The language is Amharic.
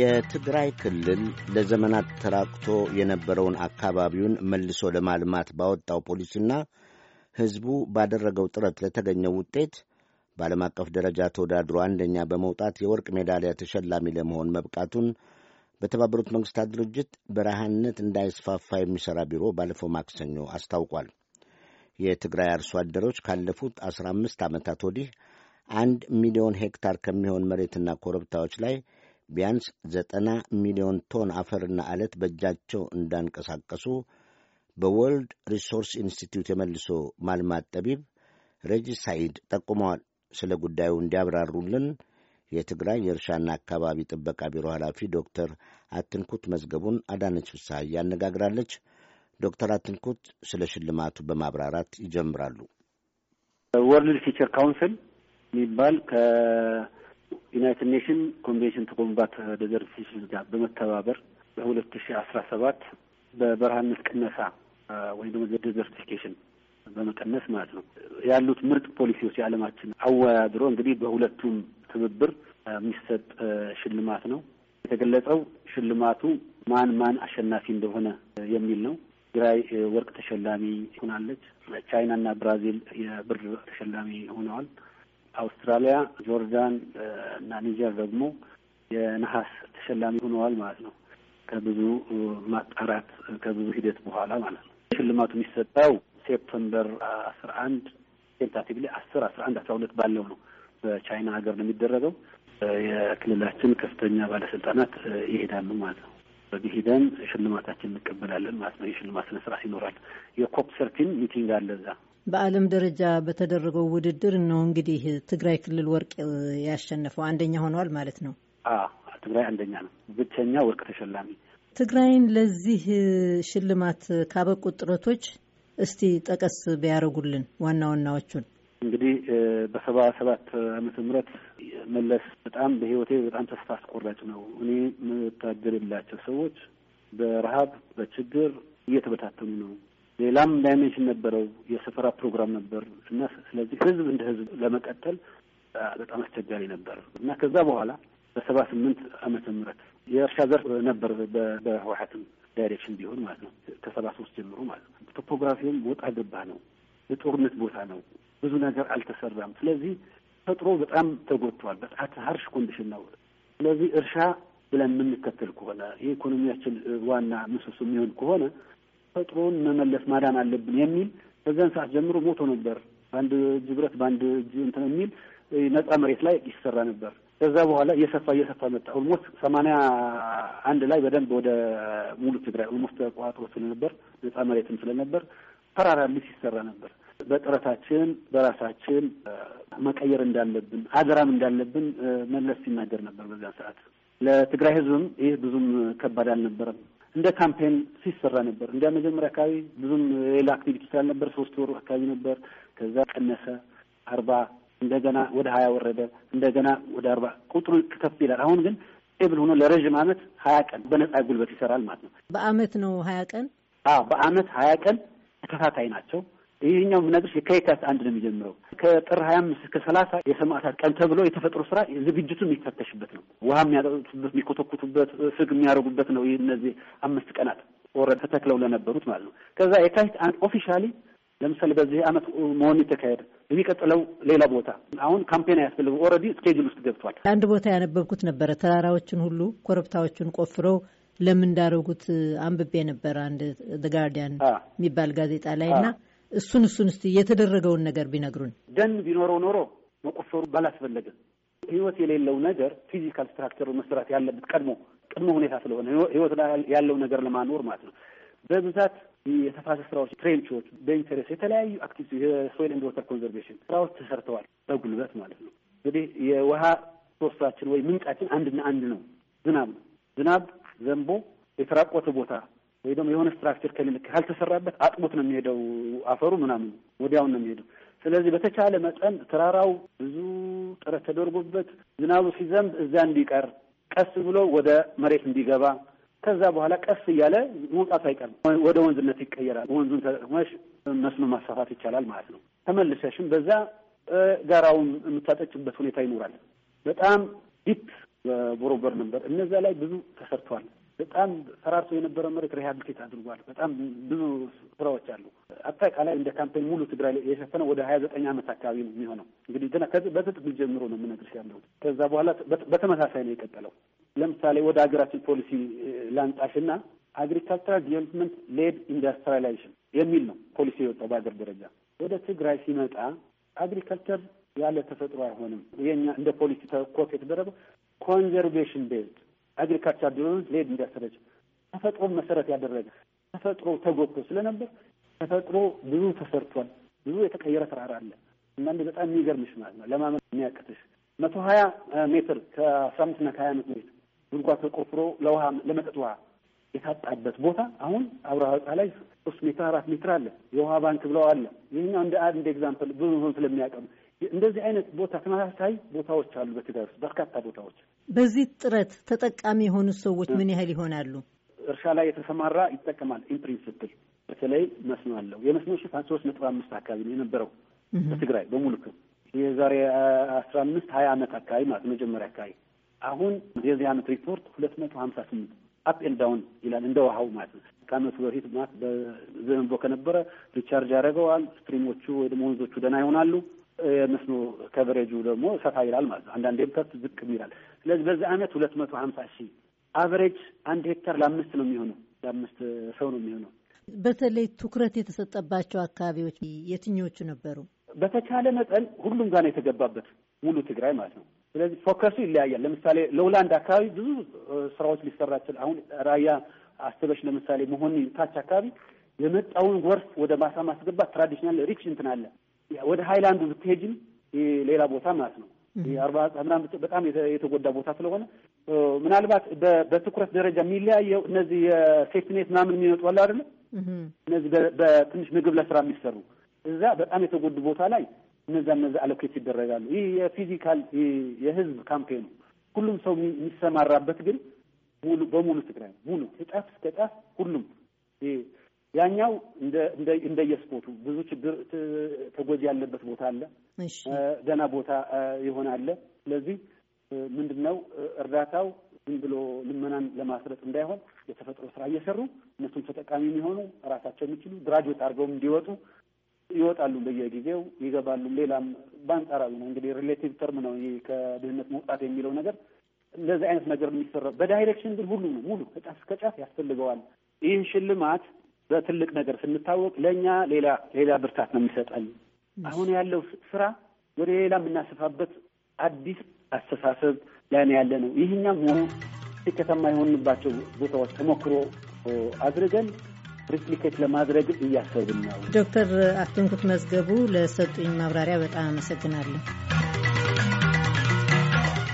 የትግራይ ክልል ለዘመናት ተራቅቶ የነበረውን አካባቢውን መልሶ ለማልማት ባወጣው ፖሊሲና ሕዝቡ ባደረገው ጥረት ለተገኘው ውጤት በዓለም አቀፍ ደረጃ ተወዳድሮ አንደኛ በመውጣት የወርቅ ሜዳሊያ ተሸላሚ ለመሆን መብቃቱን በተባበሩት መንግሥታት ድርጅት በረሃነት እንዳይስፋፋ የሚሠራ ቢሮ ባለፈው ማክሰኞ አስታውቋል። የትግራይ አርሶ አደሮች ካለፉት አስራ አምስት ዓመታት ወዲህ አንድ ሚሊዮን ሄክታር ከሚሆን መሬትና ኮረብታዎች ላይ ቢያንስ ዘጠና ሚሊዮን ቶን አፈርና አለት በእጃቸው እንዳንቀሳቀሱ በወርልድ ሪሶርስ ኢንስቲትዩት የመልሶ ማልማት ጠቢብ ሬጂ ሳይድ ጠቁመዋል። ስለ ጉዳዩ እንዲያብራሩልን የትግራይ የእርሻና አካባቢ ጥበቃ ቢሮ ኃላፊ ዶክተር አትንኩት መዝገቡን አዳነች ፍስሐ እያነጋግራለች። ዶክተር አትንኩት ስለ ሽልማቱ በማብራራት ይጀምራሉ። ወርልድ ፊቸር ካውንስል የሚባል ዩናይትድ ኔሽን ኮንቬንሽን ቱ ኮምባት ዴዘርቲፊኬሽን ጋር በመተባበር በሁለት ሺ አስራ ሰባት በበረሃነት ቅነሳ ወይም ደግሞ ዴዘርቲፊኬሽን በመቀነስ ማለት ነው ያሉት ምርጥ ፖሊሲዎች የዓለማችን አወዳድሮ እንግዲህ በሁለቱም ትብብር የሚሰጥ ሽልማት ነው የተገለጸው። ሽልማቱ ማን ማን አሸናፊ እንደሆነ የሚል ነው። ትግራይ ወርቅ ተሸላሚ ሆናለች። ቻይናና ብራዚል የብር ተሸላሚ ሆነዋል። አውስትራሊያ፣ ጆርዳን እና ኒጀር ደግሞ የነሐስ ተሸላሚ ሆነዋል ማለት ነው። ከብዙ ማጣራት ከብዙ ሂደት በኋላ ማለት ነው። ሽልማቱ የሚሰጠው ሴፕተምበር አስራ አንድ ቴንታቲቭሊ አስር አስራ አንድ አስራ ሁለት ባለው ነው። በቻይና ሀገር ነው የሚደረገው። የክልላችን ከፍተኛ ባለስልጣናት ይሄዳሉ ማለት ነው። በዚህ ሂደን ሽልማታችን እንቀበላለን ማለት ነው። የሽልማት ስነ ይኖራል። የኮፕ ሰርቲን ሚቲንግ አለ እዛ በዓለም ደረጃ በተደረገው ውድድር ነው እንግዲህ ትግራይ ክልል ወርቅ ያሸነፈው አንደኛ ሆነዋል ማለት ነው። ትግራይ አንደኛ ነው፣ ብቸኛ ወርቅ ተሸላሚ። ትግራይን ለዚህ ሽልማት ካበቁት ጥረቶች እስቲ ጠቀስ ቢያደርጉልን ዋና ዋናዎቹን። እንግዲህ በሰባ ሰባት ዓመተ ምህረት መለስ በጣም በህይወቴ በጣም ተስፋ አስቆራጭ ነው። እኔ የምታገልላቸው ሰዎች በረሀብ በችግር እየተበታተኑ ነው። ሌላም ዳይሜንሽን ነበረው። የሰፈራ ፕሮግራም ነበር እና ስለዚህ ህዝብ እንደ ህዝብ ለመቀጠል በጣም አስቸጋሪ ነበር እና ከዛ በኋላ በሰባ ስምንት አመተ ምህረት የእርሻ ዘርፍ ነበር በህወሀትም ዳይሬክሽን ቢሆን ማለት ነው ከሰባ ሶስት ጀምሮ ማለት ነው። ቶፖግራፊውም ወጣ ገባ ነው። የጦርነት ቦታ ነው። ብዙ ነገር አልተሰራም። ስለዚህ ተፈጥሮ በጣም ተጎድቷል። በጣት ሀርሽ ኮንዲሽን ነው። ስለዚህ እርሻ ብለን የምንከተል ከሆነ የኢኮኖሚያችን ዋና ምሰሶ የሚሆን ከሆነ ተፈጥሮን መመለስ ማዳን አለብን የሚል በዚያን ሰዓት ጀምሮ ሞቶ ነበር። በአንድ እጅ ብረት በአንድ እጅ እንትን የሚል ነጻ መሬት ላይ ይሰራ ነበር። ከዛ በኋላ እየሰፋ እየሰፋ መጣ። ኦልሞስት ሰማንያ አንድ ላይ በደንብ ወደ ሙሉ ትግራይ ኦልሞስት ተቋጥሮ ስለነበር ነጻ መሬትም ስለነበር ተራራ ልስ ይሰራ ነበር። በጥረታችን በራሳችን መቀየር እንዳለብን አደራም እንዳለብን መለስ ሲናገር ነበር በዚያን ሰዓት ለትግራይ ህዝብም ይህ ብዙም ከባድ አልነበረም። እንደ ካምፔን ሲሰራ ነበር። እንደ መጀመሪያ አካባቢ ብዙም ሌላ አክቲቪቲ ስላልነበር ሶስት ወሩ አካባቢ ነበር። ከዛ ቀነሰ አርባ እንደገና ወደ ሀያ ወረደ እንደገና ወደ አርባ ቁጥሩ ከፍ ይላል። አሁን ግን ኤብል ሆኖ ለረዥም አመት ሀያ ቀን በነጻ ጉልበት ይሰራል ማለት ነው። በአመት ነው ሀያ ቀን። አዎ በአመት ሀያ ቀን ተከታታይ ናቸው። ይህኛው ምነግርሽ ከየካቲት አንድ ነው የሚጀምረው። ከጥር ሀያ አምስት እስከ ሰላሳ የሰማዕታት ቀን ተብሎ የተፈጥሮ ስራ ዝግጅቱ የሚፈተሽበት ነው። ውሃ የሚያጠጡበት፣ የሚኮተኩቱበት፣ ፍግ የሚያደርጉበት ነው። እነዚህ አምስት ቀናት ወረድ ተተክለው ለነበሩት ማለት ነው። ከዛ የካቲት አንድ ኦፊሻሊ ለምሳሌ በዚህ አመት መሆኑ የተካሄደ የሚቀጥለው ሌላ ቦታ አሁን ካምፔን ያስፈልጉ ኦልሬዲ ስኬጅል ውስጥ ገብቷል። አንድ ቦታ ያነበብኩት ነበረ ተራራዎችን ሁሉ ኮረብታዎችን ቆፍረው ለምን እንዳደረጉት አንብቤ ነበር አንድ ዘ ጋርዲያን የሚባል ጋዜጣ ላይ እና እሱን እሱን እስቲ የተደረገውን ነገር ቢነግሩን። ደን ቢኖረው ኖሮ መቆፈሩ ባላስፈለገም ህይወት የሌለው ነገር ፊዚካል ስትራክቸር መስራት ያለበት ቀድሞ ቅድመ ሁኔታ ስለሆነ ህይወት ያለው ነገር ለማኖር ማለት ነው። በብዛት የተፋሰስ ስራዎች፣ ትሬንቾች በኢንተረስ የተለያዩ አክቲቪቲ የሶይል ኤንድ ወተር ኮንዘርቬሽን ስራዎች ተሰርተዋል፣ በጉልበት ማለት ነው። እንግዲህ የውሃ ሶርሳችን ወይ ምንጫችን አንድና አንድ ነው፣ ዝናብ ነው። ዝናብ ዘንቦ የተራቆተ ቦታ ወይ ደግሞ የሆነ ስትራክቸር ከሌለ ካልተሰራበት አጥሞት ነው የሚሄደው አፈሩ ምናምን ወዲያውን ነው የሚሄደው። ስለዚህ በተቻለ መጠን ተራራው ብዙ ጥረት ተደርጎበት ዝናቡ ሲዘንብ እዛ እንዲቀር ቀስ ብሎ ወደ መሬት እንዲገባ ከዛ በኋላ ቀስ እያለ መውጣቱ አይቀርም፣ ወደ ወንዝነት ይቀየራል። ወንዙን ተጠቅመሽ መስኖ ማስፋፋት ይቻላል ማለት ነው። ተመልሰሽም በዛ ጋራውን የምታጠጭበት ሁኔታ ይኖራል። በጣም ዲፕ በቦሮበር ነበር እነዛ ላይ ብዙ ተሰርተዋል። በጣም ፈራርሶ የነበረ መሬት ሪሃብሊቴት አድርጓል። በጣም ብዙ ስራዎች አሉ። አጠቃላይ እንደ ካምፔን ሙሉ ትግራይ የሸፈነ ወደ ሀያ ዘጠኝ ዓመት አካባቢ ነው የሚሆነው። እንግዲህ ገና በትጥቅ ጀምሮ ነው የምነግርሽ ያለሁት። ከዛ በኋላ በተመሳሳይ ነው የቀጠለው። ለምሳሌ ወደ ሀገራችን ፖሊሲ ላንጣሽና አግሪካልቸራል ዲቨሎፕመንት ሌድ ኢንዱስትሪላይዜሽን የሚል ነው ፖሊሲ የወጣው በሀገር ደረጃ። ወደ ትግራይ ሲመጣ አግሪካልቸር ያለ ተፈጥሮ አይሆንም። የኛ እንደ ፖሊሲ ተኮት የተደረገው ኮንዘርቬሽን ቤዝድ አግሪካልቸር ዲቨሎፕመንት ሌድ እንዲያሰረጭ ተፈጥሮን መሰረት ያደረገ ተፈጥሮ ተጎድቶ ስለነበር ተፈጥሮ ብዙ ተሰርቷል። ብዙ የተቀየረ ተራራ አለ። አንዳንዴ በጣም የሚገርምሽ ማለት ነው ለማመን የሚያቅትሽ መቶ ሀያ ሜትር ከአስራ አምስት አምስትና ከሀያ አመት ሜትር ጉድጓድ ተቆፍሮ ለውሃ ለመጠጥ ውሃ የታጣበት ቦታ አሁን አብረ ወጣ ላይ ሶስት ሜትር አራት ሜትር አለ። የውሃ ባንክ ብለው አለ። ይህኛው እንደ አንድ ኤግዛምፕል ብዙ ስለሚያቀም እንደዚህ አይነት ቦታ ተመሳሳይ ቦታዎች አሉ። በትግራይ ውስጥ በርካታ ቦታዎች። በዚህ ጥረት ተጠቃሚ የሆኑ ሰዎች ምን ያህል ይሆናሉ? እርሻ ላይ የተሰማራ ይጠቀማል። ኢንፕሪንስፕል በተለይ መስኖ አለው። የመስኖ ሽፋን ሶስት ነጥብ አምስት አካባቢ ነው የነበረው በትግራይ በሙሉ ክብ የዛሬ አስራ አምስት ሀያ ዓመት አካባቢ ማለት መጀመሪያ አካባቢ አሁን የዚህ ዓመት ሪፖርት ሁለት መቶ ሀምሳ ስምንት አፕ ኤንድ ዳውን ይላል እንደ ውሃው ማለት ነው። ከአመቱ በፊት ማለት በዘንቦ ከነበረ ሪቻርጅ ያደረገዋል። ስትሪሞቹ ወይ ደግሞ ወንዞቹ ደህና ይሆናሉ። የመስኖ ከቨሬጁ ደግሞ ሰፋ ይላል ማለት ነው። አንዳንዴም ከፍ ዝቅም ይላል። ስለዚህ በዚህ አመት ሁለት መቶ ሀምሳ ሺህ አቨሬጅ አንድ ሄክታር ለአምስት ነው የሚሆነው ለአምስት ሰው ነው የሚሆነው። በተለይ ትኩረት የተሰጠባቸው አካባቢዎች የትኞቹ ነበሩ? በተቻለ መጠን ሁሉም ጋር ነው የተገባበት ሙሉ ትግራይ ማለት ነው። ስለዚህ ፎከሱ ይለያያል። ለምሳሌ ለውላንድ አካባቢ ብዙ ስራዎች ሊሰራ ይችላል። አሁን ራያ አስተበሽ ለምሳሌ መሆን ታች አካባቢ የመጣውን ጎርፍ ወደ ማሳ ማስገባት ትራዲሽናል ሪች እንትን አለ ወደ ሀይላንድ ብትሄጅም ሌላ ቦታ ማለት ነው አርባ በጣም የተጎዳ ቦታ ስለሆነ ምናልባት በትኩረት ደረጃ የሚለያየው እነዚህ የሴፍትኔት ምናምን የሚመጡ አለ አደለ እነዚህ በትንሽ ምግብ ለስራ የሚሰሩ እዛ በጣም የተጎዱ ቦታ ላይ እነዛ እነዛ አሎኬት ይደረጋሉ። ይህ የፊዚካል የህዝብ ካምፔኑ ሁሉም ሰው የሚሰማራበት ግን ሙሉ በሙሉ ትግራይ ሙሉ እጣፍ እስከ ሁሉም ያኛው እንደ እንደየስፖቱ ብዙ ችግር ተጎጂ ያለበት ቦታ አለ፣ ደህና ቦታ የሆነ አለ። ስለዚህ ምንድን ነው እርዳታው ዝም ብሎ ልመናን ለማስረጥ እንዳይሆን የተፈጥሮ ስራ እየሰሩ እነሱም ተጠቃሚ የሚሆኑ ራሳቸው የሚችሉ ግራጁዌት አድርገውም እንዲወጡ ይወጣሉ በየጊዜው ይገባሉ። ሌላም በአንጻራዊ ነው እንግዲህ ሪሌቲቭ ተርም ነው ይሄ ከድህነት መውጣት የሚለው ነገር እንደዚህ አይነት ነገር የሚሰራ በዳይሬክሽን ግን ሁሉ ነው ሙሉ ከጫፍ እስከ ጫፍ ያስፈልገዋል። ይህን ሽልማት በትልቅ ነገር ስንታወቅ ለእኛ ሌላ ሌላ ብርታት ነው የሚሰጣል። አሁን ያለው ስራ ወደ ሌላ የምናሰፋበት አዲስ አስተሳሰብ ላይ ነው ያለ ነው። ይህኛም ሆኖ ከተማ የሆንባቸው ቦታዎች ተሞክሮ አድርገን ሪፕሊኬት ለማድረግ እያሰብን ነው። ዶክተር አትንኩት መዝገቡ ለሰጡኝ ማብራሪያ በጣም አመሰግናለሁ።